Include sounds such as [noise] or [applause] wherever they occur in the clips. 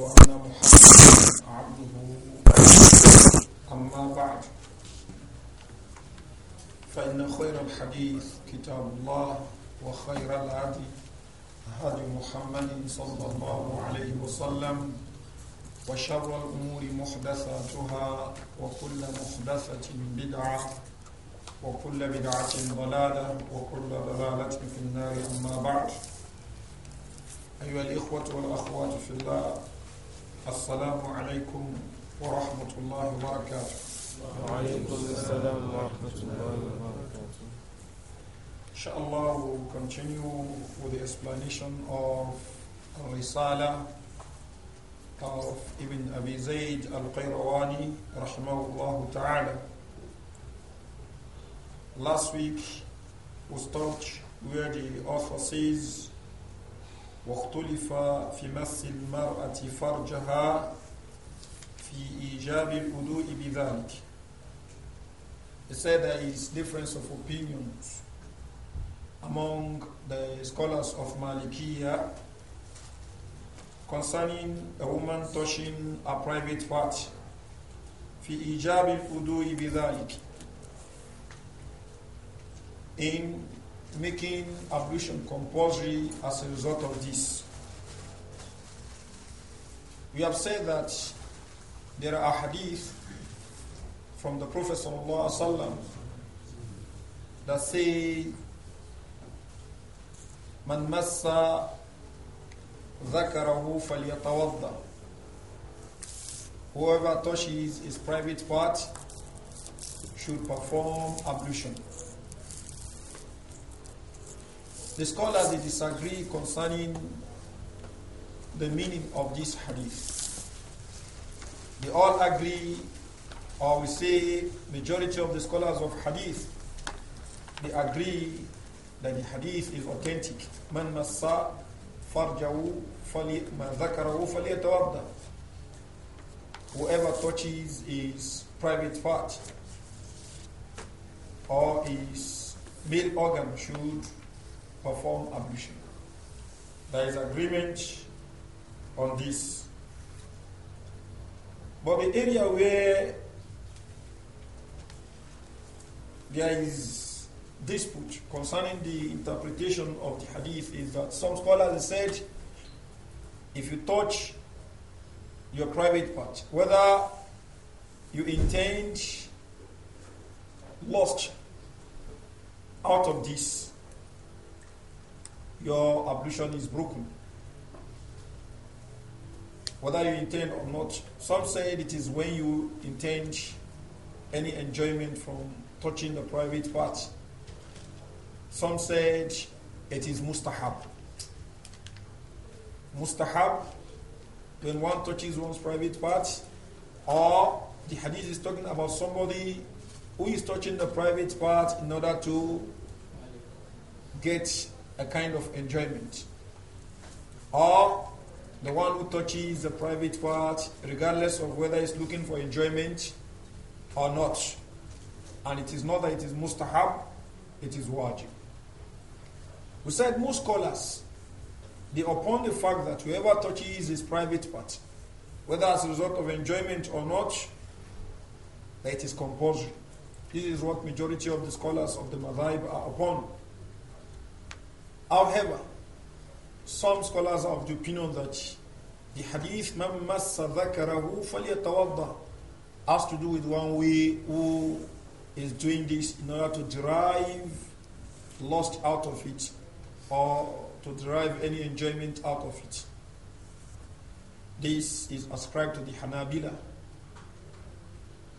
وأنا محمد عبده أما بعد فإن خير الحديث كتاب الله وخير الهدي هدي محمد صلى الله عليه وسلم وشر الأمور محدثاتها وكل محدثة بدعة وكل بدعة ضلالة وكل ضلالة في النار أما بعد أيها الإخوة والأخوات في الله السلام عليكم ورحمة الله وبركاته وعليكم السلام ورحمة الله وبركاته Inshallah, we'll continue with the explanation of Risala of Ibn Abi Zayd al-Qayrawani, rahimahullah ta'ala. Last week, we stopped where the author says, واختلف في مس المرأة فرجها في إيجاب الوضوء بذلك. He said there is difference of opinions among the scholars of Malikiya concerning a woman touching a private part. في إيجاب الوضوء بذلك. In making ablution compulsory as a result of this. We have said that there are hadith from the Prophet wasallam that say, من مس ذكره فليتوضأ Whoever touches his private part should perform ablution. The scholars they disagree concerning the meaning of this hadith. They all agree, or we say majority of the scholars of hadith, they agree that the hadith is authentic. Man massa farjahu فليتوضا Whoever touches his private part or his male organ should perform ablution. There is agreement on this. But the area where there is dispute concerning the interpretation of the hadith is that some scholars said if you touch your private part, whether you intend lost out of this your ablution is broken. Whether you intend or not. Some say it is when you intend any enjoyment from touching the private part. Some said it is mustahab. Mustahab, when one touches one's private part, or the hadith is talking about somebody who is touching the private part in order to get a kind of enjoyment. Or the one who touches the private part, regardless of whether he's looking for enjoyment or not. And it is not that it is mustahab, it is wajib. We said most scholars, they upon the fact that whoever touches his private part, whether as a result of enjoyment or not, that it is compulsory. This is what majority of the scholars of the Madhaib are upon. However, some scholars are of the opinion that the hadith man massa dhakarahu has to do with one way who is doing this in order to derive lust out of it or to derive any enjoyment out of it. This is ascribed to the Hanabila.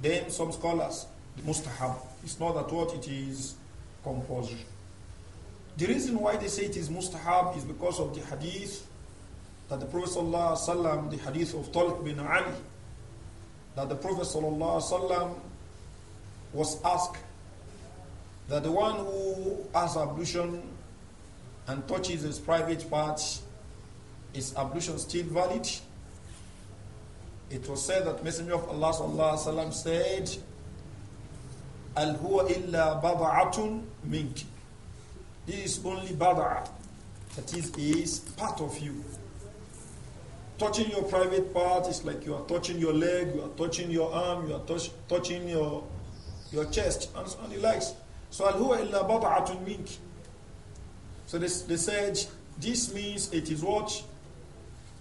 Then some scholars, the mustahab. It's not that what it is compulsory. The reason why they say it is mustahab is because of the hadith that the Prophet ﷺ, the hadith of Talq bin Ali, that the Prophet ﷺ was asked that the one who has ablution and touches his private part, is ablution still valid? It was said that Messenger of Allah ﷺ said, Al huwa illa baba'atun mink. This is only bada'a. That is, it is part of you. Touching your private part is like you are touching your leg, you are touching your arm, you are touch, touching your your chest, and so on the likes. So al huwa illa bada'atun mink. So this, they said this means it is what?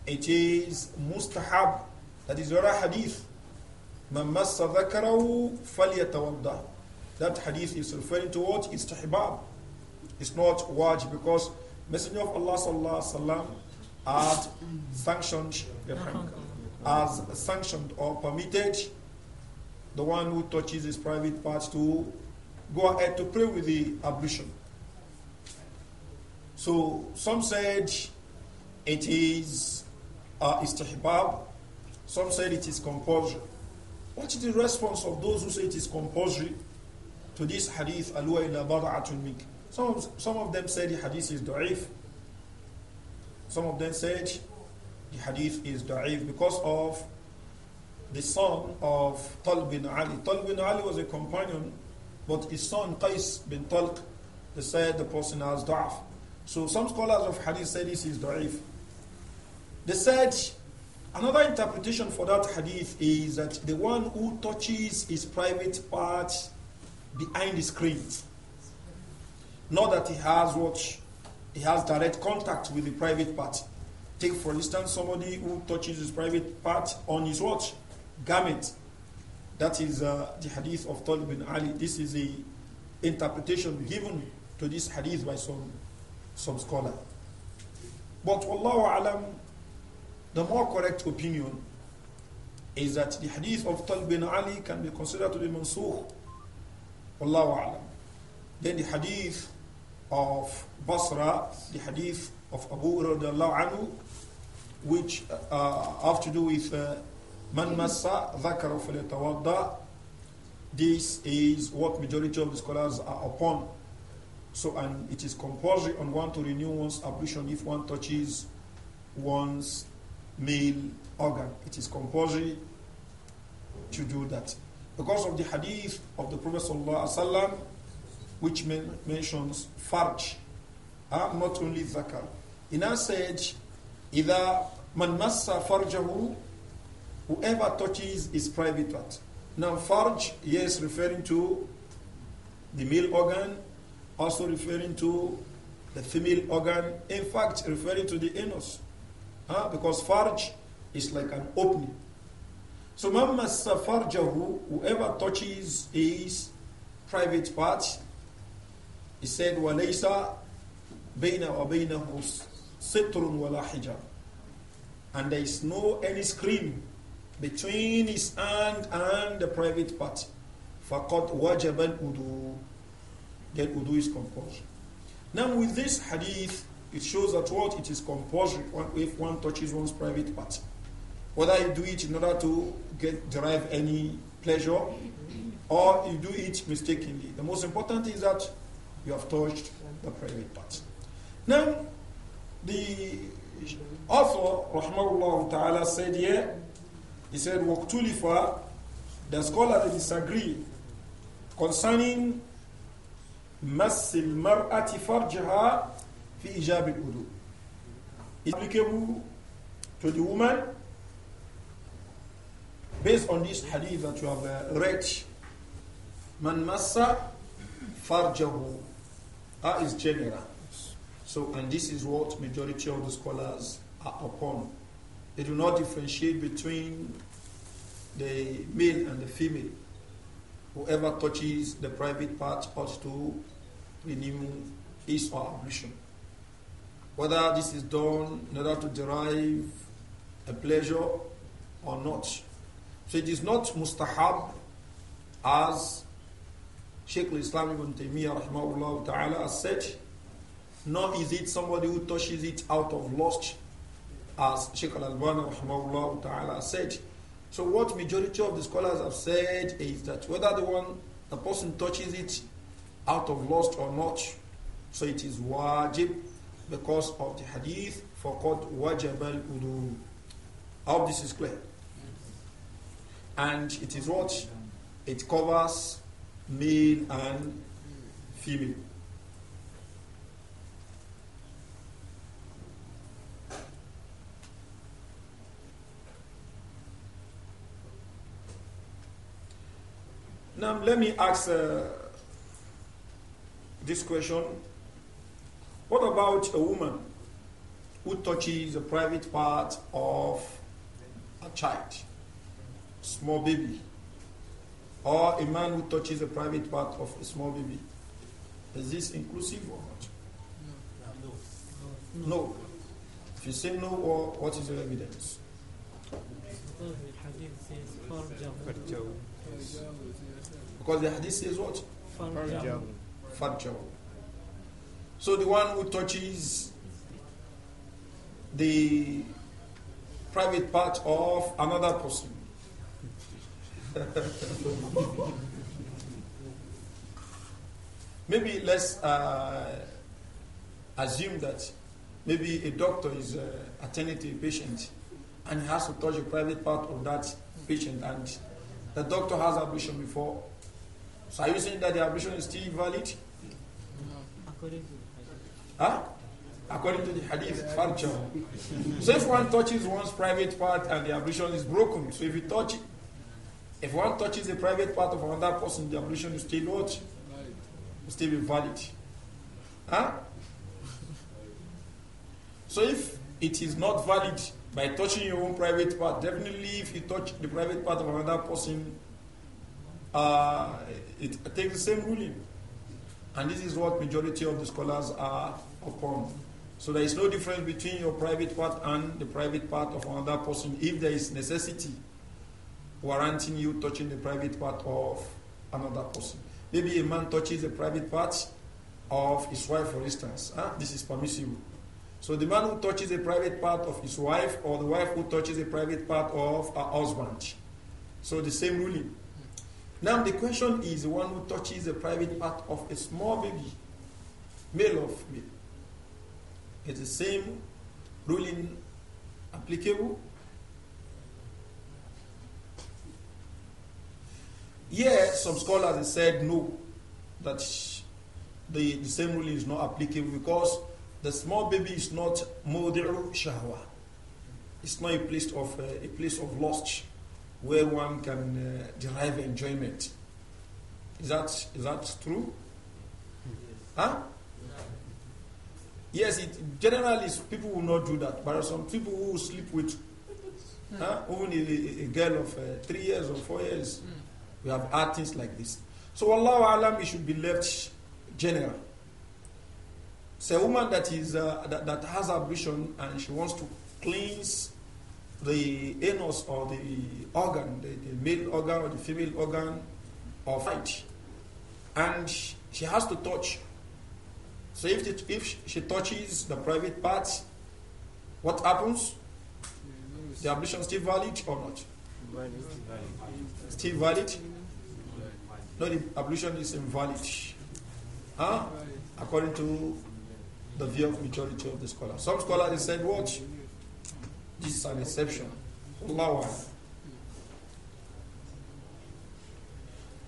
It is mustahab. That is a hadith. Man massa dhakarahu falyatawadda. That hadith is referring to what? Istihbab. It's not wajib because Messenger of Allah sallallahu has sanctioned has sanctioned or permitted the one who touches his private parts to go ahead to pray with the ablution. So some said it is uh, istihbab, some said it is compulsory. What is the response of those who say it is compulsory to this hadith, Alwa ila bada'atun mink? Some of, some of them said the hadith is da'if. Some of them said the hadith is da'if because of the son of Talq bin Ali. Talq bin Ali was a companion, but his son Qais bin Talq, they said the person has da'af. So some scholars of hadith say this is da'if. They said another interpretation for that hadith is that the one who touches his private part behind the screen not that he has what he has direct contact with the private part. Take for instance somebody who touches his private part on his watch garment. That is uh, the hadith of Talib bin Ali. This is the interpretation given to this hadith by some some scholar. But Wallahu alam, the more correct opinion is that the hadith of Talib bin Ali can be considered to be mansukh. Wallahu alam. Then the hadith of Basra, the hadith of Abu radiallahu anhu, which uh, have to do with uh, man massa dhakara falatawadda. This is what majority of the scholars are upon. So, and it is compulsory on one to renew one's ablution if one touches one's male organ. It is compulsory to do that. Because of the hadith of the Prophet sallallahu alaihi wasallam which men mentions farj, uh, not only zakar. In our said, either man massa farjahu, whoever touches his private part. Now farj, yes, referring to the male organ, also referring to the female organ, in fact, referring to the anus. Huh? Ah, because farj is like an opening. So man massa farjahu, whoever touches his private part, he said, وَلَيْسَ بَيْنَ وَبَيْنَهُ سِتْرٌ وَلَا حِجَابٌ And there is no any screen between his hand and the private part. فَقَدْ وَجَبَ الْأُدُوءُ Then udu is compulsory. Now with this hadith, it shows that what it is compulsory if one touches one's private part. Whether you do it in order to get derive any pleasure or you do it mistakenly. The most important is that you have touched the private parts. Now, the author, Rahmanullah Ta'ala, said here, yeah, he said, Waqtulifa, the scholars disagree concerning Masil Mar'ati Farjaha fi Ijab al-Udu. It's applicable to the woman based on this hadith that you have uh, read. Man massa farjahu that is general. So, and this is what majority of the scholars are upon. They do not differentiate between the male and the female. Whoever touches the private part ought to renew his or her ablution. Whether this is done in order to derive a pleasure or not. So it is not mustahab as Sheikh al-Islam ibn Taymiyyah rahimahullah ta'ala has said, nor is it somebody who touches it out of lust, as Sheikh al-Albani rahimahullah ta'ala said. So what majority of the scholars have said is that whether the one, the person touches it out of lust or not, so it is wajib because of the hadith, for فَقَدْ wajib al I hope this is clear. And it is what? It covers male and female. Now, let me ask uh, this question. What about a woman who touches a private part of a child, small baby? Or a man who touches a private part of a small baby. Is this inclusive or not? No. No. no. If you say no, or what is your evidence? Because the hadith says what? Farjaw. So the one who touches the private part of another person [laughs] maybe let's uh, assume that maybe a doctor is uh, attending to a patient and he has to touch a private part of that patient and the doctor has ablution before. So are you saying that the ablution is still valid? According to the hadith. Huh? According to the hadith, yeah. so if one touches one's private part and the ablution is broken, so if you touch if one touches the private part of another person, the ablution is still not Will still be valid. Huh? So if it is not valid by touching your own private part, definitely if you touch the private part of another person, uh, it takes the same ruling. And this is what majority of the scholars are upon. So there is no difference between your private part and the private part of another person if there is necessity warranting you touching the private part of another person. Maybe a man touches the private part of his wife, for instance. Huh? Ah, this is permissible. So the man who touches the private part of his wife, or the wife who touches the private part of her husband. So the same ruling. Now the question is the one who touches the private part of a small baby, male or female. Is the same ruling applicable Yeah, some scholars have said no, that the, the same rule is not applicable because the small baby is not mawdi'u shahwa. It's not a place of uh, a place of lust where one can uh, derive enjoyment. Is that is that true? Huh? Yes, it, generally people will not do that. But some people who sleep with, huh, even a, a girl of uh, three years or four years, mm. We have had things like this. So Allah Alam, it should be left general. So a woman that is uh, that, that has ablution and she wants to cleanse the anus or the organ, the, the male organ or the female organ of fight. And she has to touch. So if, the, if she touches the private parts, what happens? The ablution still valid or not? Still valid. No, the ablution is invalid. Huh? According to the view of majority of the scholars. Some scholars said, what? This is an exception. Allah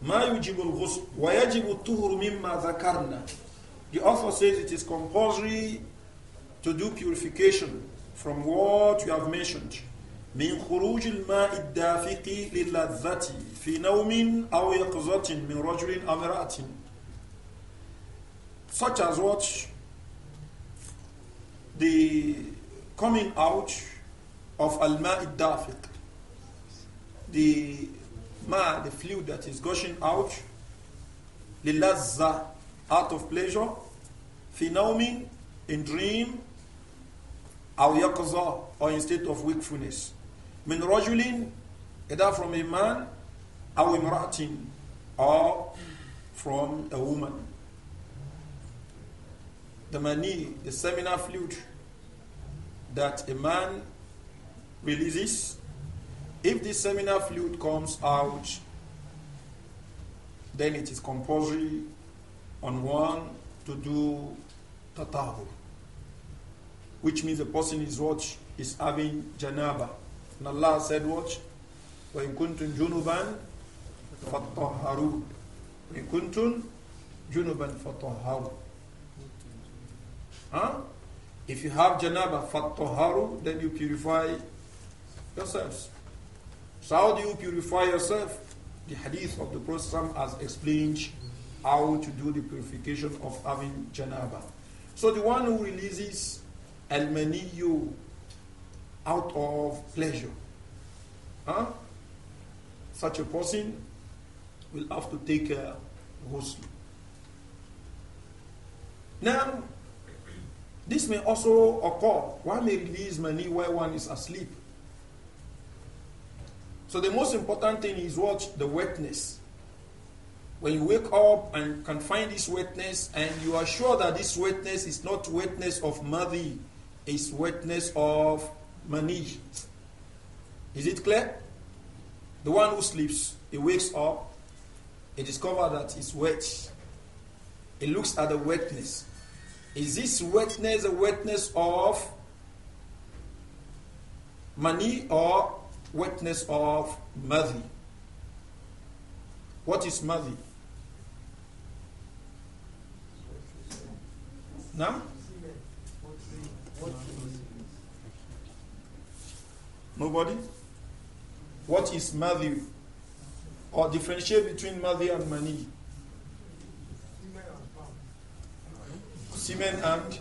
ما يجب الغسل ويجب الطهر مما ذكرنا The author says it is compulsory to do purification from what you have mentioned. من خروج الماء الدافق للذة في نوم أو يقظة من رجل أو امرأة such as what the coming out of al-ma' al-dafiq the ma the fluid that is gushing out lilazza out of pleasure fi nawmin in dream aw yaqza or in state of wakefulness min rajulin, either from a man, aw imra'atin, or from a woman. The mani, the seminal fluid that a man releases, if the seminal fluid comes out, then it is compulsory on one to do tatahu, which means the person is what is having janaba. And Allah said, Watch. وَإِن كُنْتُمْ جنوباً فَطَّهَّرُوا وَإِن كُنْتُمْ جنوباً فَطَّهَّرُوا Huh? If you have janaba, fattoharu, then you purify yourselves. So how do you purify yourself? The hadith of the Prophet has explained how to do the purification of having janaba. So the one who releases al-maniyu out of pleasure. Huh? Such a person will have to take a ghusl. Now, this may also occur. One may release money while one is asleep. So the most important thing is what? The wetness. When you wake up and can find this wetness, and you are sure that this wetness is not wetness of muddy, it's wetness of mani. Is it clear? The one who sleeps, he wakes up, he discovers that he's wet. He looks at the wetness. Is this wetness the wetness of mani or wetness of madhi? What is madhi? Now? Nobody? What is Matthew? Or differentiate between Matthew and mani? Semen and?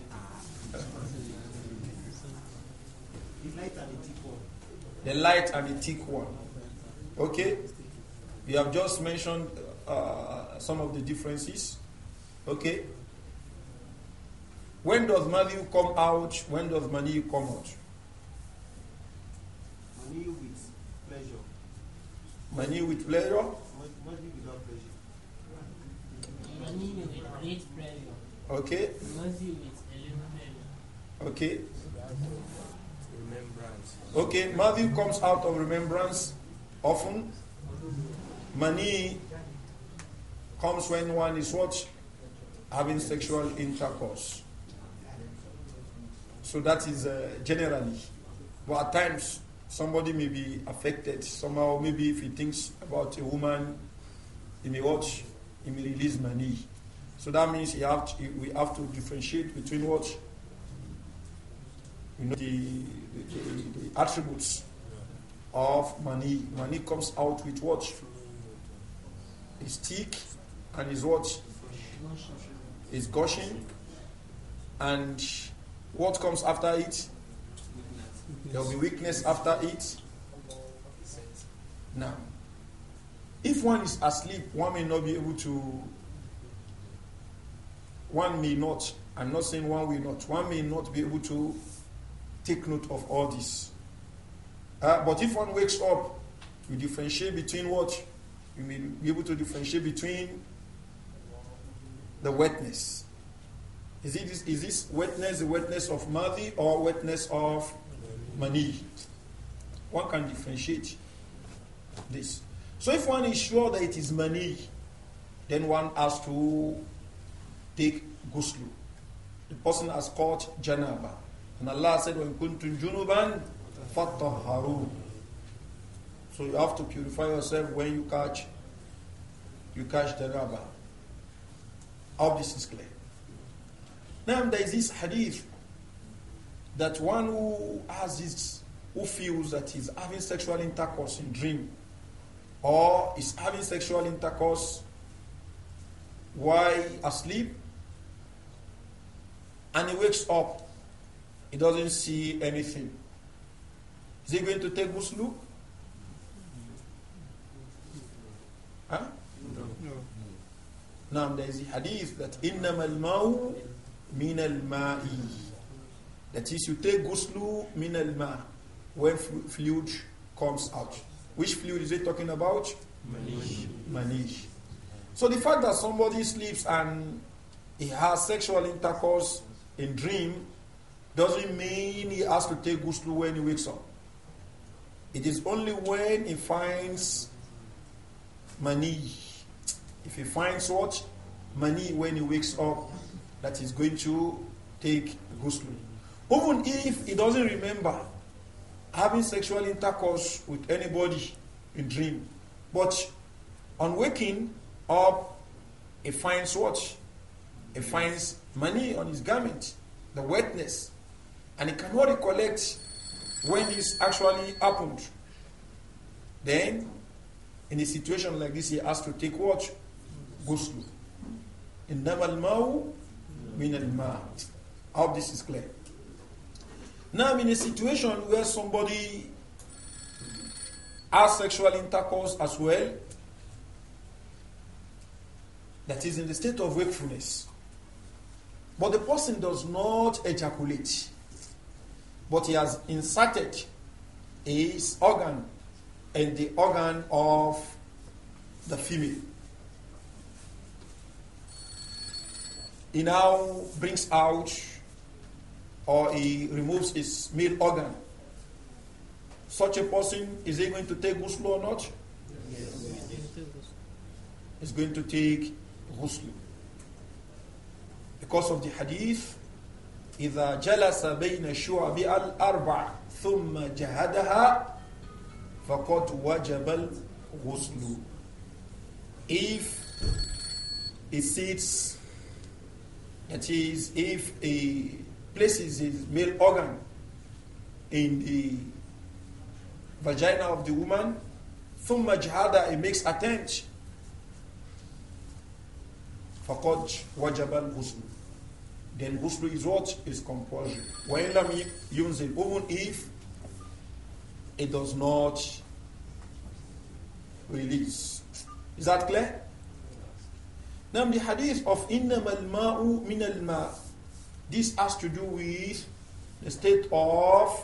The light and the thick one. Okay? We have just mentioned uh, some of the differences. Okay? When does Matthew come out? When does Mani come out? Money with pleasure. Money with pleasure? Money without pleasure. Money with great pleasure. Okay. Money with pleasure. Okay. Remembrance. Okay, Matthew comes out of remembrance often. Money comes when one is what? Having sexual intercourse. So that is uh, generally. But at times, somebody may be affected somehow. Maybe if he thinks about a woman, he may watch, he may release money. So that means he have to, we have to differentiate between what you know the, the, the, the attributes of money. Money comes out with what is thick and is what is gushing, and what comes after it there will be weakness after it. Now, if one is asleep, one may not be able to. One may not. I'm not saying one will not. One may not be able to take note of all this. Uh, but if one wakes up, you differentiate between what? You may be able to differentiate between the wetness. Is, it, is this wetness the wetness of Madi or wetness of Money. One can differentiate this. So if one is sure that it is money, then one has to take ghusl. The person has caught janaba. And Allah said, وَإِن كُنْتُمْ جُنُوبًا فَطَّهَّرُوا So you have to purify yourself when you catch you catch the rabbi. All this is clear. Now there is this hadith that one who has his, who feels that he's having sexual intercourse in dream or is having sexual intercourse while asleep and he wakes up, he doesn't see anything. Is he going to take look? Huh? No. no. Now there is a hadith that إِنَّمَا الْمَاءُ مِنَ الْمَاءِ that is, you take guslu min al ma when fluid comes out. Which fluid is it talking about? Manish. Manish. So the fact that somebody sleeps and he has sexual intercourse in dream doesn't mean he has to take guslu when he wakes up. It is only when he finds money. If he finds what? Money when he wakes up that he's going to take ghusl. Even if he doesn't remember having sexual intercourse with anybody in dream, but on waking up, he finds what? He finds money on his garment, the wetness, and he cannot recollect when this actually happened. Then, in a situation like this, he has to take what? in إنما الماء min الماء. ma hope this is clear. Now I'm in a situation where somebody has sexual intercourse as well, that is in the state of wakefulness. But the person does not ejaculate, but he has inserted his organ in the organ of the female. He now brings out or he removes his male organ, such a person, is he going to take ghusl or not? Yes. He's going to take ghusl. Because of the hadith, إذا جلس بين al الأربع ثم جهدها فقد وجب الغسل if he sits that is if a places his male organ in the vagina of the woman, ثم جهاد, he makes attempt. فقد وجب الغسل. Then ghusl is what? Is compulsory. وإن لم ينزل, even if it does not release. Is that clear? Now the hadith of إنما الماء من الماء this has to do with the state of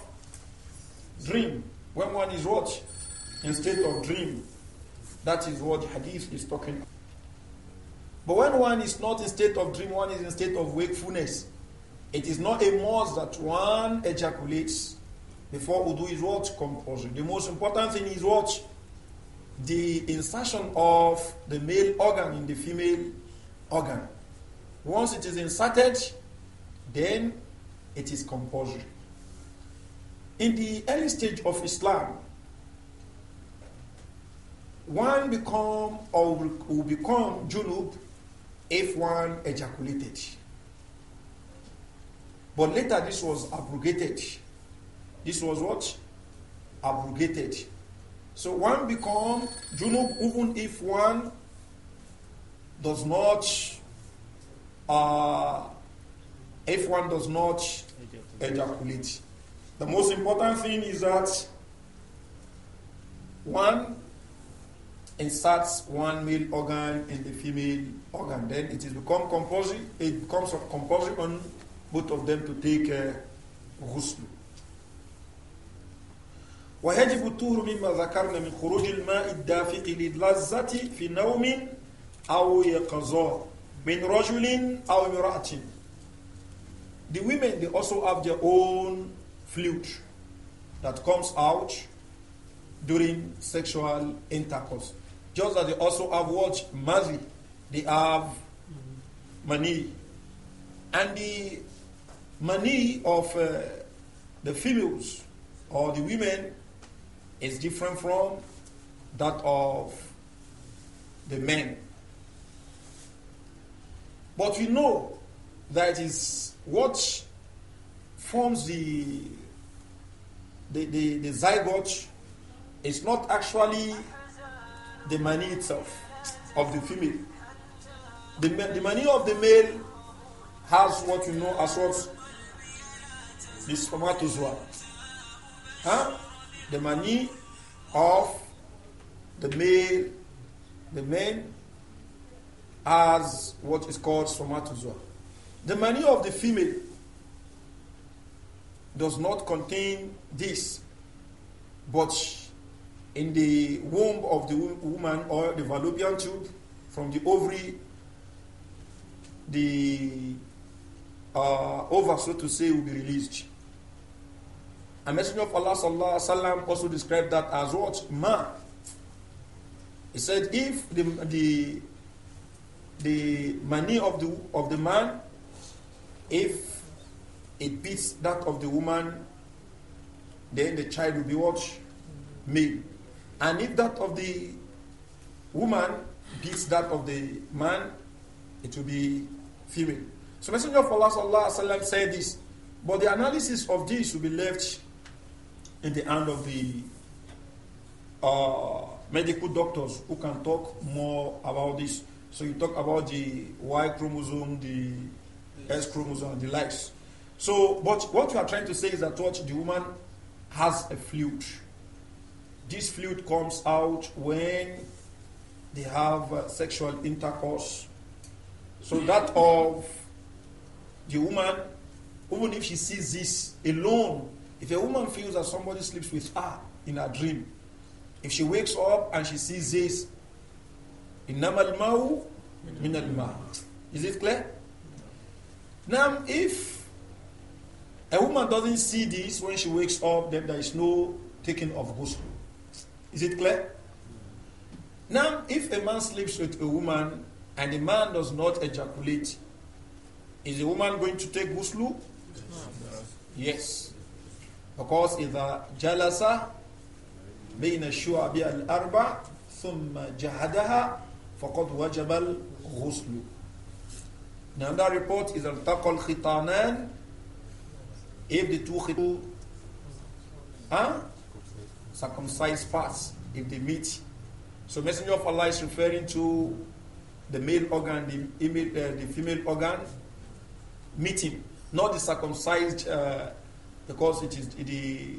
dream. When one is what? In state of dream. That is what hadith is talking about. But when one is not in state of dream, one is in state of wakefulness. It is not a must that one ejaculates before Udu is what? The most important thing is what? The insertion of the male organ in the female organ. Once it is inserted, then it is compulsory. In the early stage of Islam, one become or will become junub if one ejaculated. But later this was abrogated. This was what? Abrogated. So one become junub even if one does not uh, if one does not ejaculate. The most important thing is that one inserts one male organ in the female organ. Then it is become compulsory. It becomes compulsory on both of them to take ghusl. uh, ghusl. ويجب الطهر مما ذكرنا من خروج الماء الدافق للذة في نوم أو يقظة من رجل أو امرأة the women, they also have their own flute that comes out during sexual intercourse. Just as they also have watch Mazi. They have mani. And the mani of uh, the females or the women is different from that of the men. But we know that is what forms the the, the, the zygote is not actually the money itself of the female. The, the money of the male has what you know as what the spermatozoa. Huh? The money of the male, the man, has what is called spermatozoa. The manure of the female does not contain this, but in the womb of the woman or the fallopian tube from the ovary, the uh, so to say, will be released. A messenger of Allah sallallahu alaihi wasallam also described that as what ma. He said, if the the the money of the of the man if it beats that of the woman, then the child will be what? Male. And if that of the woman beats that of the man, it will be female. So Messenger of Allah sallallahu alaihi wasallam said this, but the analysis of this will be left in the hand of the uh, medical doctors who can talk more about this. So you talk about the Y chromosome, the X chromosome and the likes. So, but what you are trying to say is that what the woman has a fluid. This fluid comes out when they have uh, sexual intercourse. So that of the woman, even if she sees this alone, if a woman feels that somebody sleeps with her in a dream, if she wakes up and she sees this, Is it clear? Now, if a woman doesn't see this when she wakes up, then there is no taking of ghusl. Is it clear? Now, if a man sleeps with a woman and the man does not ejaculate, is the woman going to take ghusl? Yes. Because إذا جلس بين الشعب الأربع ثم جهدها فقد وجب الغسل Another report is al-taqal khitanan if the two khitu huh? circumcised parts, if they meet. So Messenger of Allah is referring to the male organ, the, uh, the female organ meeting, not the circumcised, uh, because it is the,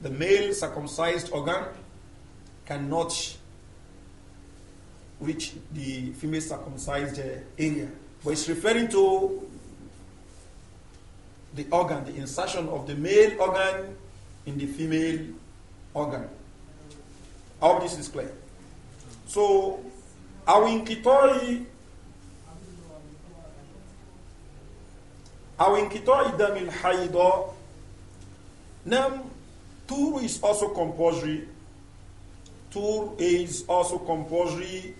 the male circumcised organ cannot reach the female circumcised uh, area. But it's referring to the organ, the insertion of the male organ in the female organ. All this is clear. So, awinkitoi awinkitoi damil haido. Nam tour is also compulsory. Tour is also compulsory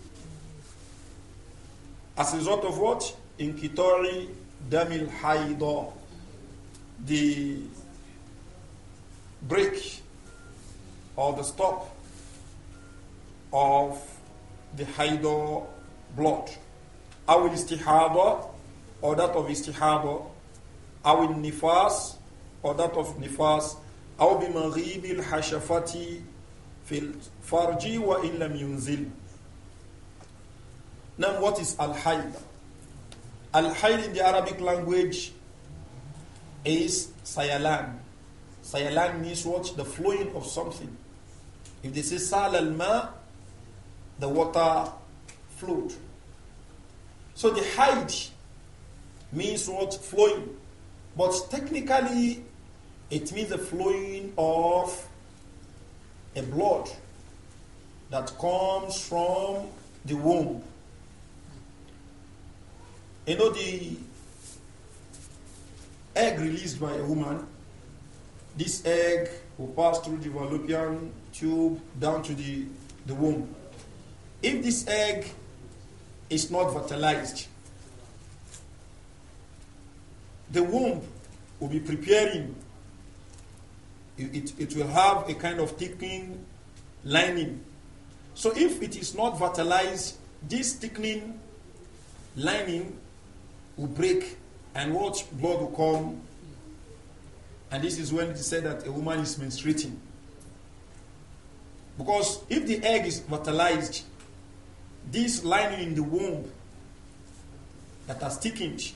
as a result of what? In Kitori Damil Haido, the break or the stop of the Haido blood. Our istihaba or that of istihaba. Our nifas or that of nifas. أو بمغيب الحشفة في الفرج وإن لم ينزل now, what is al hayd? Al hayd in the Arabic language is sayalan. Sayalan means what? The flowing of something. If they say sal al ma, the water flowed. So the hayd means what? Flowing. But technically, it means the flowing of a blood that comes from the womb you know the egg released by a woman. This egg will pass through the fallopian tube down to the, the womb. If this egg is not fertilized, the womb will be preparing. It, it, it will have a kind of thickening lining. So if it is not fertilized, this thickening lining will break and watch blood will come. And this is when it is said that a woman is menstruating. Because if the egg is fertilized, this lining in the womb that has thickened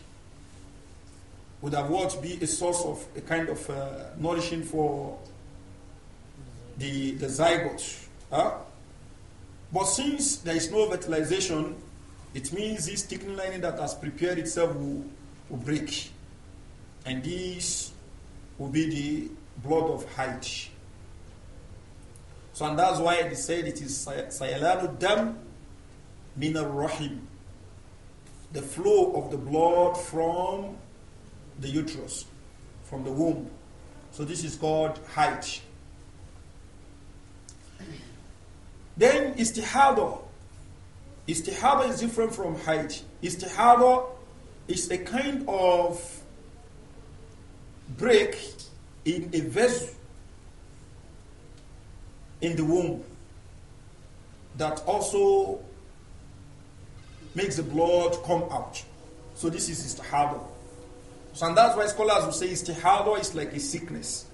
would have what be a source of a kind of uh, nourishing for the, the zygote. Huh? But since there is no fertilization, it means this thickening lining that has prepared itself will, will break. And this will be the blood of Haid. So, and that's why they said it is Sayalanu Dam Min Rahim. The flow of the blood from the uterus, from the womb. So, this is called Haid. Then, istihadah. Istihada is different from Hajj. Istihada is a kind of break in a vessel in the womb that also makes the blood come out. So this is istihada. So and that's why scholars will say istihada is like a sickness.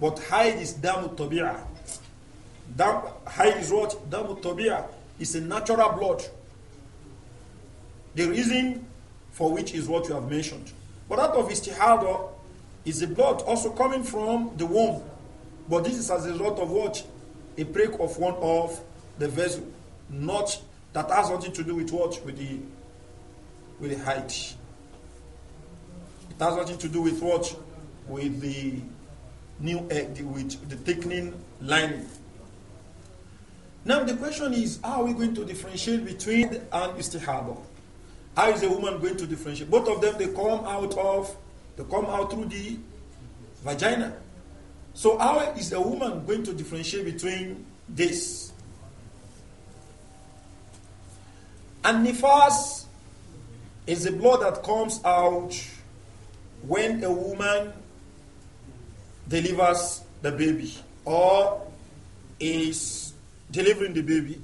But haid is damu tabi'ah. Dam, is what? Damu tabi'ah. It's a natural blood. The reason for which is what you have mentioned. But out of istihada is the blood also coming from the womb. But this is as a result of what? A break of one of the vessel. Not that has nothing to do with what? With the with the height. It has nothing to do with what? With the new egg, with the thickening lining. Now the question is, how are we going to differentiate between an istihaba? How is a woman going to differentiate? Both of them, they come out of, they come out through the vagina. So how is a woman going to differentiate between this? And nifas is the blood that comes out when a woman delivers the baby or is delivering the baby.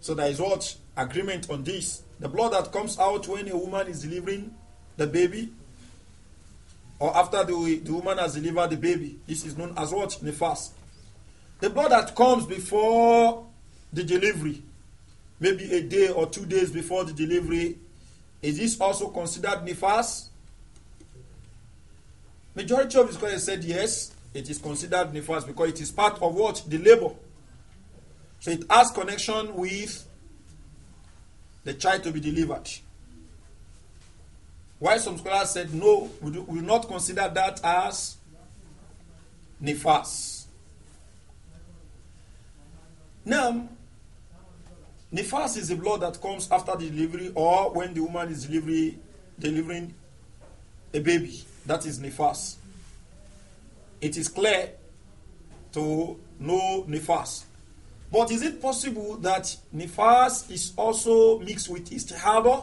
So there is what? Agreement on this. The blood that comes out when a woman is delivering the baby or after the, the woman has delivered the baby, this is known as what? Nefas. The blood that comes before the delivery, maybe a day or two days before the delivery, is this also considered nifas? Majority of the scholars said yes, it is considered nifas because it is part of what? The labor. So it has connection with the child to be delivered. Why some scholars said no, we do, not consider that as nifas. Now, nifas is the blood that comes after the delivery or when the woman is delivery, delivering a baby. That is nifas it is clear to know nifas. But is it possible that nifas is also mixed with Harbor?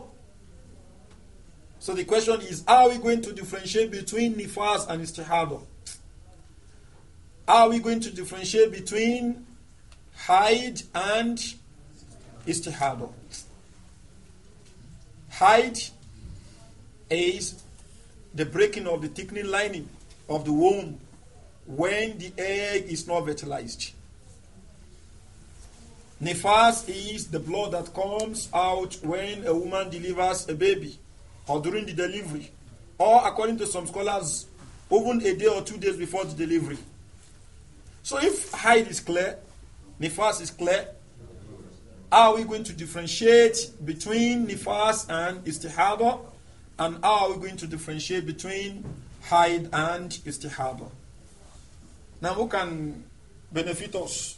So the question is, are we going to differentiate between nifas and Harbor? Are we going to differentiate between hide and Harbor? Hide is the breaking of the thickening lining of the womb when the egg is not fertilized. Nifas is the blood that comes out when a woman delivers a baby or during the delivery, or according to some scholars, even a day or two days before the delivery. So if hide is clear, nifas is clear, are we going to differentiate between nifas and istihaba? And how are we going to differentiate between hide and istihaba? Now, who can benefit us?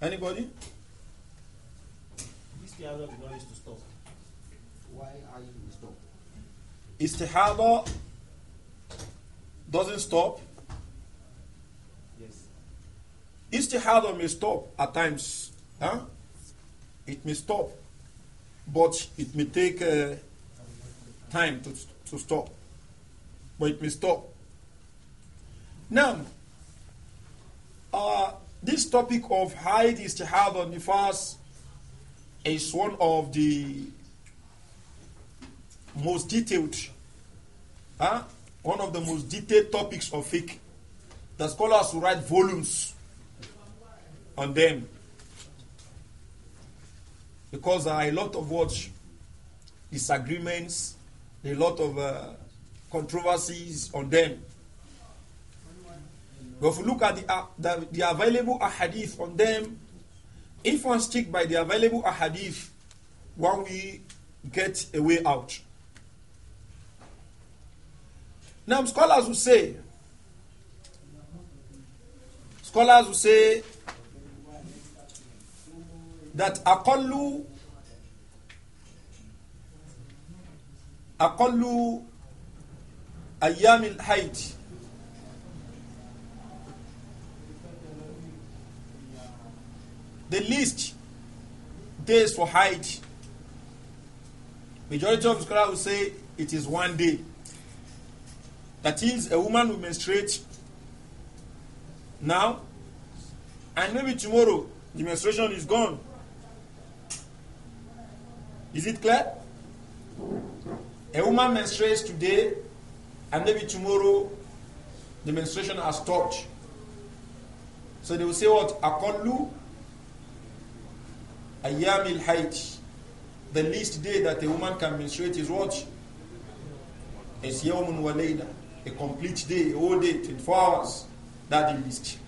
Anybody? Istihada belongs to stop. Why are you stop? Istihada doesn't stop. Yes. Istihada may stop at times. Huh? It may stop. But it may take uh, time to, to stop. But it may stop. Now, uh, this topic of hide istihad on nifas is one of the most detailed, huh? one of the most detailed topics of fiqh. The scholars who write volumes on them because there are a lot of words disagreements a lot of uh, controversies on them. But if you look at the, uh, the, the, available ahadith on them, if one stick by the available ahadith, one will get a way out. Now, scholars will say, scholars will say that aqallu أقل أيام الحيض the least days for Hajj. Majority of scholars will say it is one day. That is, a woman will menstruate now, and maybe tomorrow the menstruation is gone. Is it clear? A woman menstruates today, and maybe tomorrow the menstruation has stopped. So they will say what? Akollu Ayamil Hajj. The least day that a woman can menstruate is what? Is Yawmun Walayla. A complete day, a whole day, 24 hours. That is least.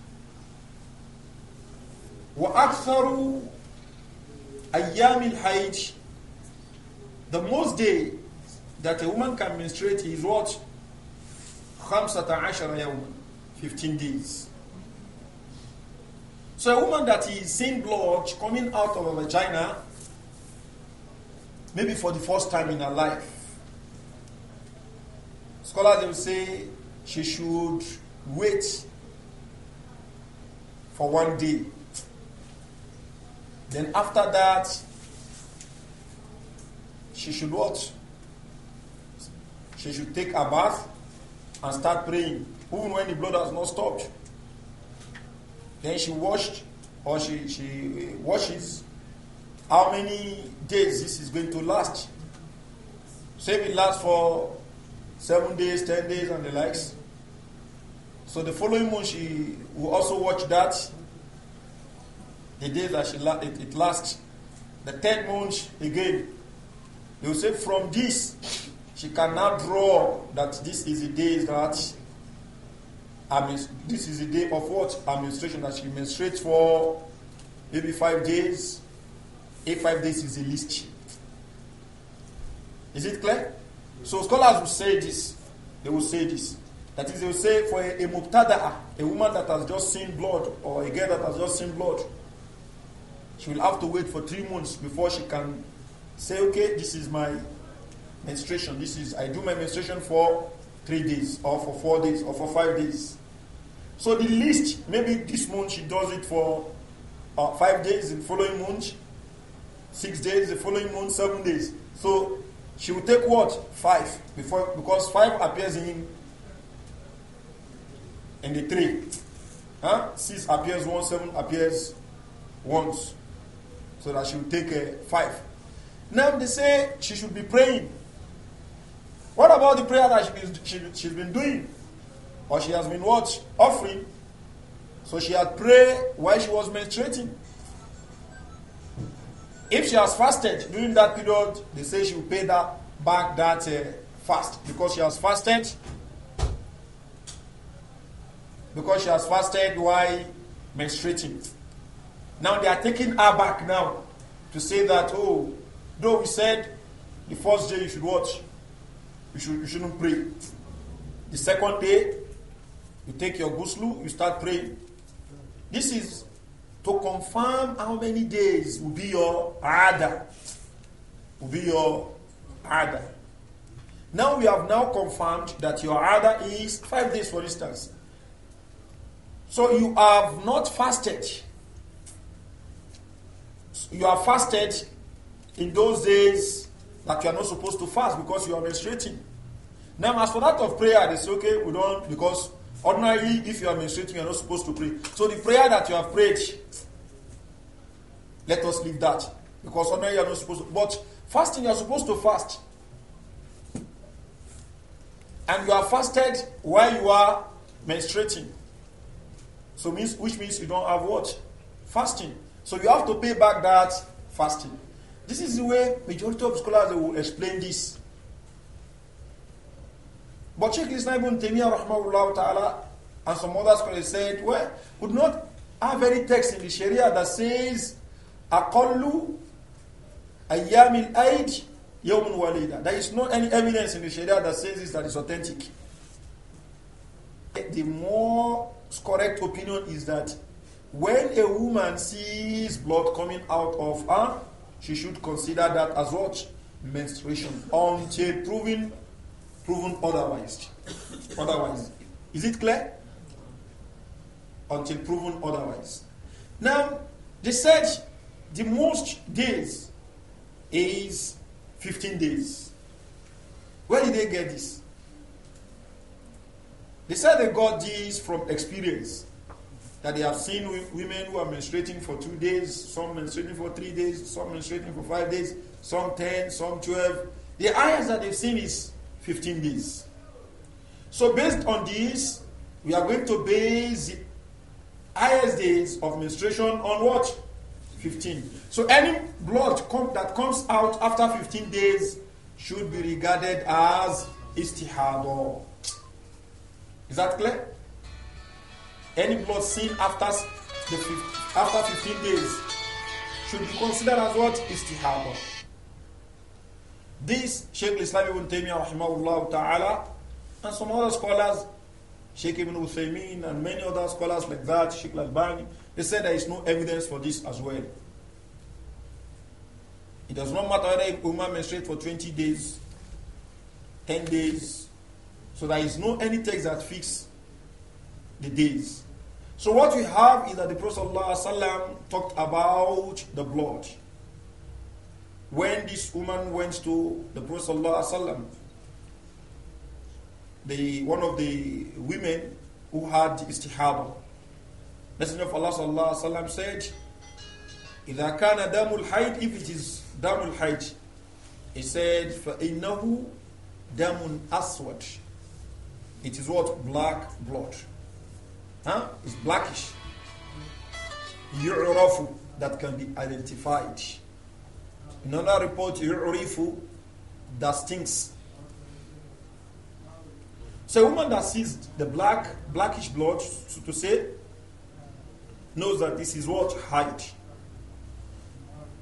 وأكثر أيام الحيج the most day that a woman can menstruate is what? خمسة عشر يوما 15 days. So a woman that is seeing blood coming out of her vagina, maybe for the first time in her life, scholars will say she should wait for one day. Then after that, she should what? she should take a bath and start praying, even when the blood has not stopped. Then she washed, or she, she uh, washes how many days this is going to last. Say it lasts for seven days, ten days, and the likes. So the following month, she will also watch that. The days that she la- it, it lasts. The tenth month again. They will say, from this, she cannot draw that this is the day that this is the day of what? Administration that she menstruates for maybe five days. Eight, five days is the least. Is it clear? So scholars will say this. They will say this. That is, they will say for a, a a woman that has just seen blood or a girl that has just seen blood, she will have to wait for three months before she can say, okay, this is my menstruation. This is, I do my menstruation for three days, or for four days, or for five days. So the list, maybe this month she does it for uh, five days, the following month, six days, the following month, seven days. So she will take what? Five. Before, because five appears in, in the three. Huh? Six appears once, seven appears once. So that she will take uh, five. Now they say she should be praying. What about the prayer that she, she, she's been doing? Or she has been what? Offering. So she had prayed while she was menstruating. If she has fasted during that period, they say she will pay that back that uh, fast because she has fasted. Because she has fasted while menstruating. Now they are taking her back now to say that, oh, though we said the first day you should watch, you, should, you shouldn't pray. The second day, you take your ghusl, you start praying. This is to confirm how many days will be your ada. Will be your ada. Now we have now confirmed that your ada is five days, for instance. So you have not fasted. You have fasted in those days that you are not supposed to fast because you are menstruating. Now, as for that of prayer, they say, okay, we don't, because ordinarily, if you are menstruating, you're not supposed to pray. So the prayer that you have prayed, let us leave that. Because ordinarily, you're not supposed to. But fasting, you're supposed to fast. And you are fasted while you are menstruating. So means, which means you don't have what? Fasting. So you have to pay back that fasting. This is the way majority of scholars will explain this. But Sheikh Islam ibn Taymiyyah rahmahullah ta'ala and some others could have said, well, would not have any text in the Sharia that says, a أَيَّامِ aid يَوْمٌ walida. There is no any evidence in the Sharia that says this that is authentic. The more correct opinion is that when a woman sees blood coming out of her, she should consider that as what? Menstruation. Until proven proven otherwise. otherwise. Is it clear? Until proven otherwise. Now, they said the most days is 15 days. Where did they get this? They said they got this from experience. That they have seen women who are menstruating for two days, some menstruating for three days, some menstruating for five days, some 10, some 12. The highest that they've seen is 15 days. So, based on this, we are going to base the highest days of menstruation on what? 15. So, any blood com that comes out after 15 days should be regarded as istihado. Is that clear? Any blood seen after, the, after 15 days should be considered as what? Istihado. This, Sheikh Islam ibn Taymiyyah ta'ala, and some other scholars, Sheikh ibn Uthaymeen and many other scholars like that, Sheikh they said there is no evidence for this as well. It does not matter whether a woman menstruates for 20 days, 10 days. So there is no any text that fix the days. So what we have is that the Prophet ﷺ talked about the blood when this woman went to the Prophet ﷺ, the one of the women who had istihaba, Messenger of Allah said, إذا كان دم الحيض if it is دم الحيض he said فإنه دم أسود it is what black blood huh it's blackish يعرف that can be identified in another report, that stinks. So a woman that sees the black, blackish blood, so to say, knows that this is what? Hide.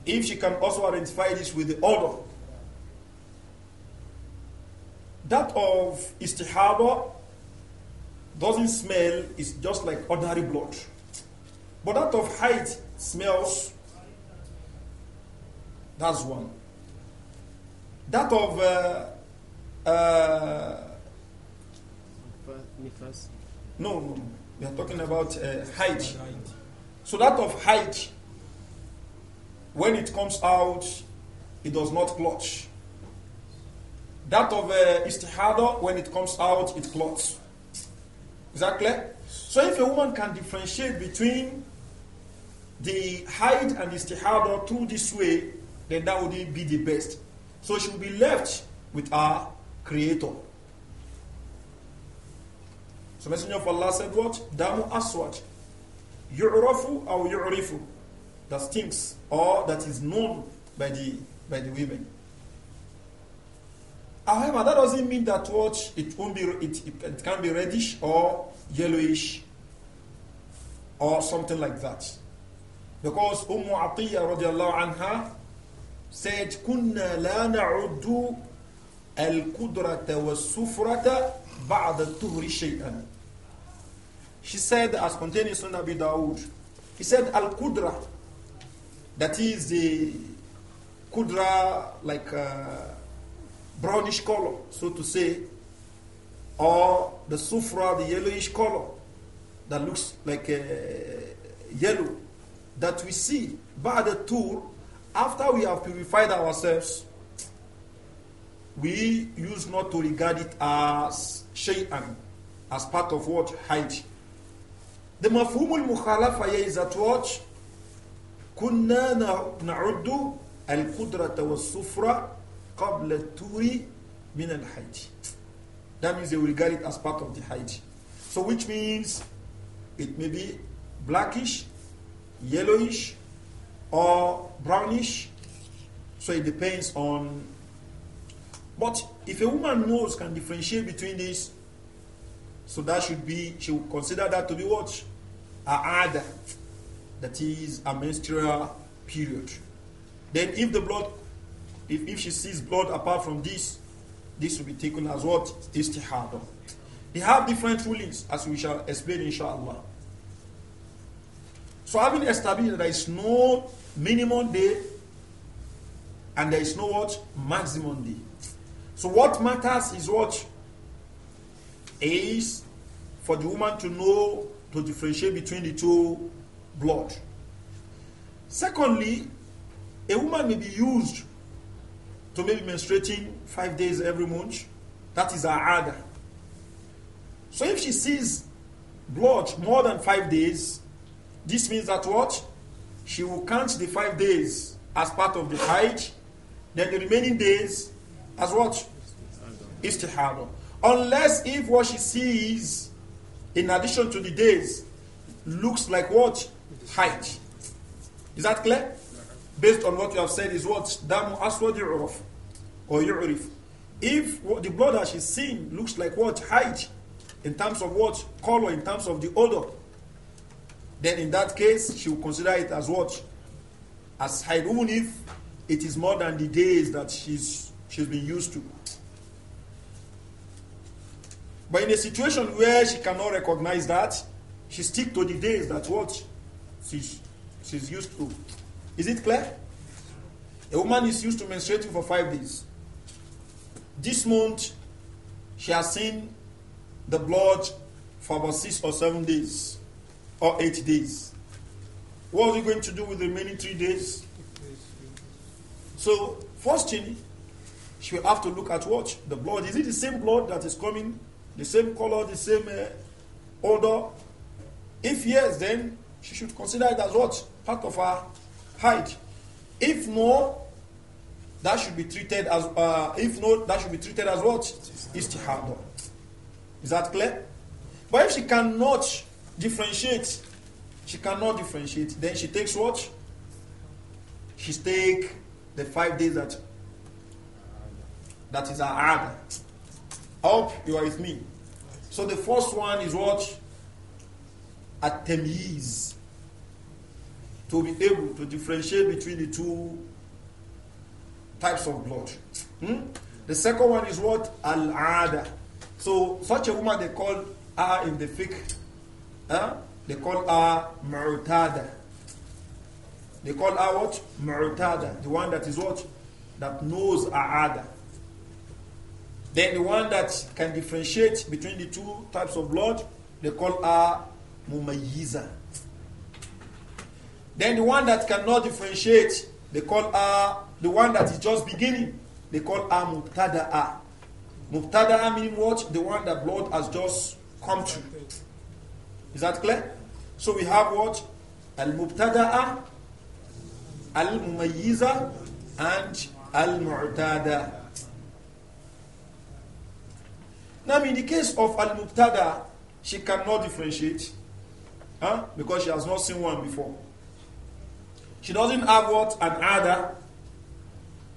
If she can also identify this with the odor, that of istihaba doesn't smell, it's just like ordinary blood. But that of height smells that's one. That of uh, uh, no, no, we are talking about uh, Hajj. So that of height, when it comes out, it does not clutch. That of uh, istihada, when it comes out, it clots. Is that clear? So if a woman can differentiate between the hide and istihada through this way, then that would be the best. So she will be left with our Creator. So Messenger of Allah said what? Damu aswat. Yu'rafu or yu'rifu. That stinks or that is known by the, by the women. However, that doesn't mean that what it won't be it, it, can be reddish or yellowish or something like that. Because Umm Atiyah radiallahu anha said, كنا لا نعد القدرة والسفرة بعد الطهر شيئا. She said, as contained in Sunnah Abi Dawood, he said, Al-Qudra, that is the kudra like a uh, brownish color, so to say, or the Sufra, the yellowish color, that looks like a uh, yellow, that we see, Ba'ad the tur after we have purified ourselves, we use not to regard it as shay'an, as part of what? Hajj. The mafhumul mukhalafa is that what? كنا نعد القدرة والصفرة قبل التور من الحج. That means they will regard it as part of the Hajj. So which means it may be blackish, yellowish, or brownish. So it depends on. But if a woman knows, can differentiate between these, so that should be, she would consider that to be what? A ad that is a menstrual period. Then if the blood, if, if she sees blood apart from this, this will be taken as what? Istihada. They have different rulings, as we shall explain inshallah. So having established that there is no minimum day and there is no what? Maximum day. So what matters is what? Is for the woman to know to differentiate between the two blood. Secondly, a woman may be used to maybe menstruating five days every month. That is her ada. So if she sees blood more than five days, this means that what? She will count the five days as part of the Hajj, then the remaining days as what? happen, Unless if what she sees in addition to the days looks like what? Hajj. Is that clear? Based on what you have said is what? Damu aswad yuruf or yu'rif. If the blood that she's seen looks like what? Hajj in terms of what? Color, in terms of the odor then in that case she will consider it as what? As high, even if it is more than the days that she's she's been used to. But in a situation where she cannot recognize that, she stick to the days that what she's she's used to. Is it clear? A woman is used to menstruating for five days. This month, she has seen the blood for about six or seven days or eight days. What are you going to do with the remaining three days? So, first thing, she will have to look at what? The blood. Is it the same blood that is coming? The same color, the same uh, odor? If yes, then she should consider it as what? Part of her height. If no, that should be treated as, uh, if no, that should be treated as what is Istihada. Is that clear? But if she cannot differentiate. She cannot differentiate. Then she takes what? She take the five days that that is her ad. I hope you are with me. So the first one is what? Atemiz. To be able to differentiate between the two types of blood. Hmm? The second one is what? Al-ada. So such a woman they call her in the fake. Huh? They call her Mu'tada. They call her what? Mu'tada. The one that is what? That knows A'ada. Then the one that can differentiate between the two types of blood, they call her mumayiza. Then the one that cannot differentiate, they call her, the one that is just beginning, they call her Mubtada'a. Mubtada'a meaning what? The one that blood has just come to. Is that clear? So we have what? Al-Mubtada'a, Al-Mumayyiza, and Al-Mu'tada. Now, in the case of Al-Mubtada, she cannot differentiate huh? because she has not seen one before. She doesn't have what? An ada.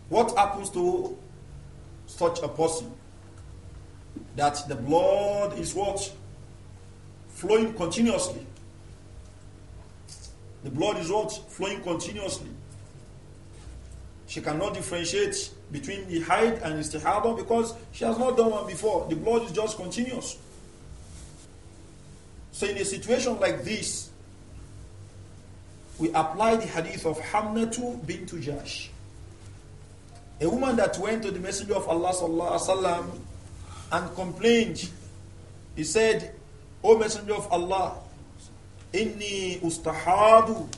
What happens to such a person? That the blood is what? flowing continuously. The blood is what? Flowing continuously. She cannot differentiate between the hide and istihada because she has not done one before. The blood is just continuous. So in a situation like this, we apply the hadith of Hamnatu bin Tujash. A woman that went to the Messenger of Allah sallallahu alaihi wasallam and complained. He said, O Messenger of Allah, Inni ustahadu.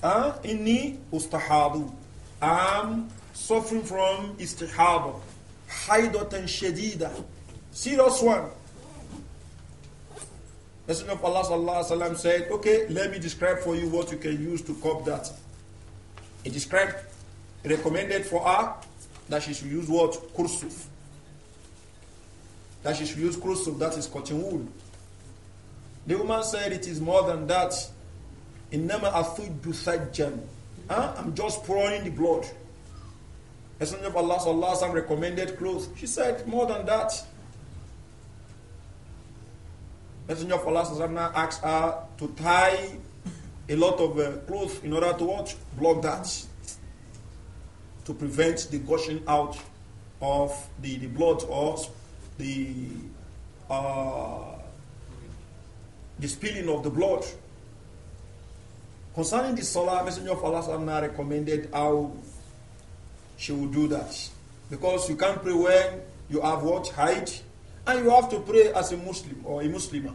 Huh? Inni ustahadu. I'm suffering from istihaba. Haidatan shadida. Serious one. Messenger of Allah sallallahu alaihi wasallam said, okay, let me describe for you what you can use to cope that. He described, recommended for her that she should use what? Kursuf. That she should use kursuf, that is cotton wool. The woman said, It is more than that. Innama athuddu sajjan. Huh? I'm just pouring the blood. Messenger of Allah sallallahu alaihi recommended clothes. She said, More than that. Messenger of Allah sallallahu asked her to tie a lot of uh, clothes in order to watch, block that. To prevent the gushing out of the, the blood or the. Uh, the spilling of the blood. Concerning the Salah, Messenger of Allah recommended how she will do that. Because you can't pray when you have what? height, And you have to pray as a Muslim or a Muslimah.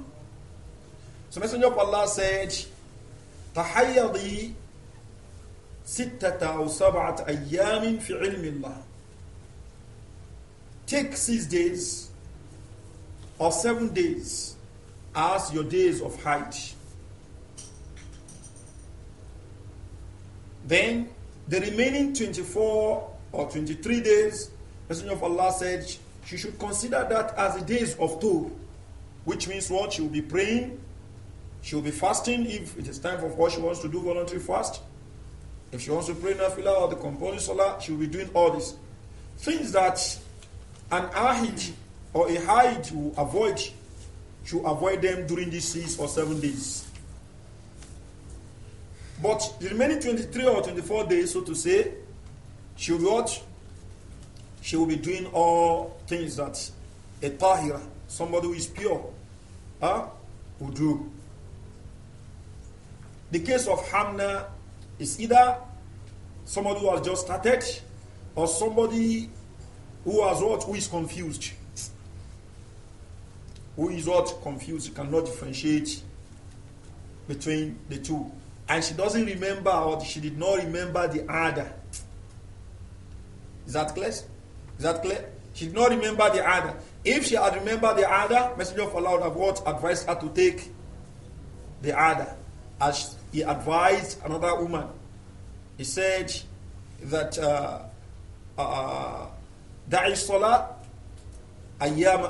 So Messenger of Allah said, تحيضي ستة أو سبعة أيام Take six days or seven days as your days of Hajj. Then the remaining 24 or 23 days, Messenger of Allah said, she should consider that as the days of two, which means what? She will be praying, she will be fasting if it is time for what she wants to do, voluntary fast. If she wants to pray Nafila or the compulsory Salah, she will be doing all these. Things that an Ahid or a Haid will avoid should avoid them during these six or seven days. But the remaining 23 or 24 days, so to say, she will watch, she will be doing all things that a tahira, somebody who is pure, huh, will do. The case of Hamna is either somebody who has just started or somebody who has what, who is confused who is not confused cannot differentiate between the two and she doesn't remember or she did not remember the other is that clear is that clear she did not remember the other if she had remembered the other messenger of allah would have what advised her to take the other as he advised another woman he said that uh, uh, uh da'i salat ayyam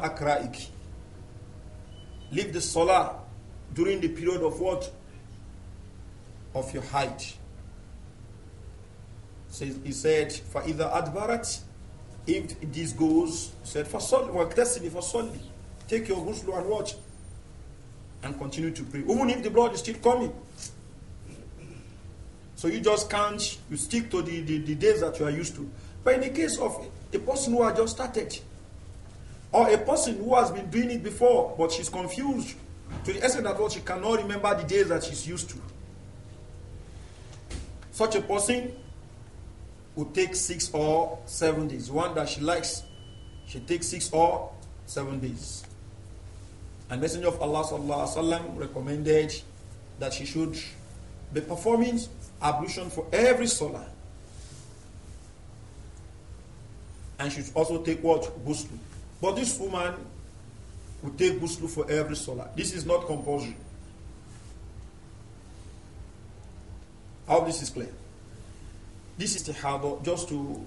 leave the solar during the period of what? Of your height. So he said, for either adbarat, if this goes, he said, فَصَلِّ for sol, Take your ghusl and watch and continue to pray. Even if the blood is still coming. So you just can't, you stick to the, the, the days that you are used to. But in the case of a person who has just started, or a person who has been doing it before, but she's confused to the extent that what she cannot remember the days that she's used to. Such a person would take six or seven days. One that she likes, she takes six or seven days. And Messenger of Allah sallallahu alaihi wasallam recommended that she should be performing ablution for every salah. And she should also take what? Ghusl. But this woman will take ghusl for every salah. This is not compulsory. How this is clear. This is the harbor, just to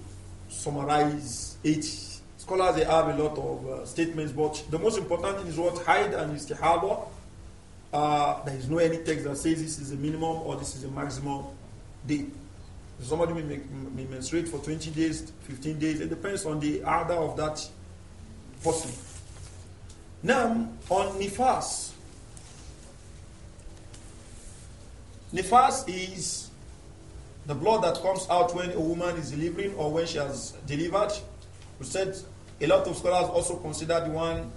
summarize it. Scholars, they have a lot of uh, statements, but the most important thing is what hide and istihaba. Uh, there is no any text that says this is a minimum or this is a maximum day. Somebody may, may menstruate for 20 days, 15 days. It depends on the order of that possible. Now, on nifas. Nifas is the blood that comes out when a woman is delivering or when she has delivered. We said a lot of scholars also consider the one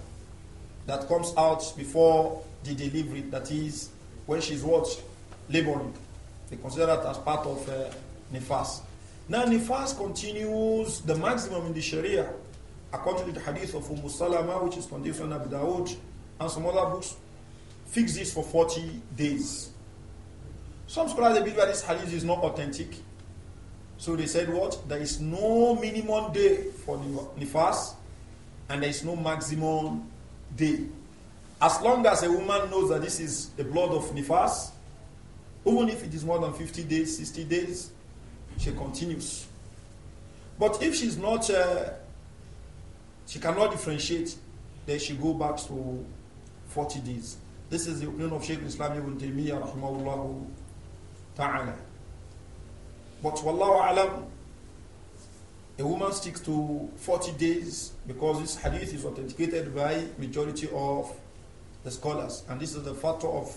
that comes out before the delivery, that is, when she's what? Laboring. They consider that as part of uh, nifas. Now, nifas continues the maximum in the Sharia according to the hadith of Umm Salama, which is contained in Abu Dawud and some other books, fix this for 40 days. Some scholars believe that this hadith is not authentic. So they said what? There is no minimum day for the nifas and there is no maximum day. As long as a woman knows that this is the blood of nifas, even if it is more than 50 days, 60 days, she continues. But if she's not uh, she cannot differentiate, then she go back to 40 days. This is the opinion of Sheikh Islam ibn Taymiyyah rahimahullah ta'ala. But wallahu alam, a woman sticks to 40 days because this hadith is authenticated by majority of the scholars. And this is the factor of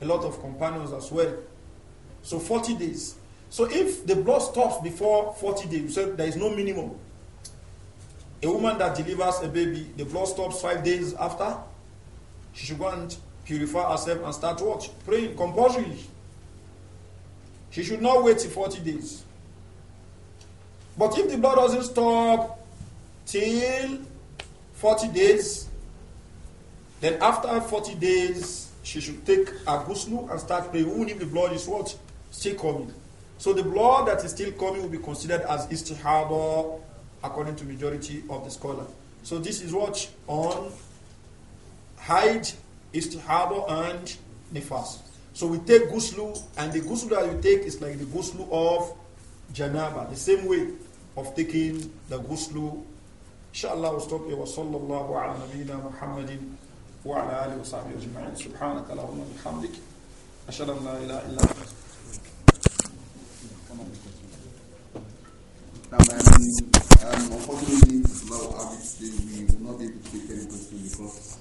a lot of companions as well. So 40 days. So if the blood stops before 40 days, so there is no minimum. A woman that delivers a baby, the blood stops five days after. She should go and purify herself and start what? Praying compulsorily. She should not wait 40 days. But if the blood doesn't stop till 40 days, then after 40 days, she should take a ghusl and start praying, even if the blood is what? Still coming. So the blood that is still coming will be considered as istihaba according to majority of the scholar. So this is what on Hajj, harbor and Nifas. So we take Guslu and the Guslu that we take is like the Guslu of Janaba, the same way of taking the Guslu. Inshallah we'll stop here. وصلى الله على نبينا محمد وعلى آله وصحبه أجمعين سبحانك اللهم Um, um, unfortunately, now, obviously, we will not be able to take any questions because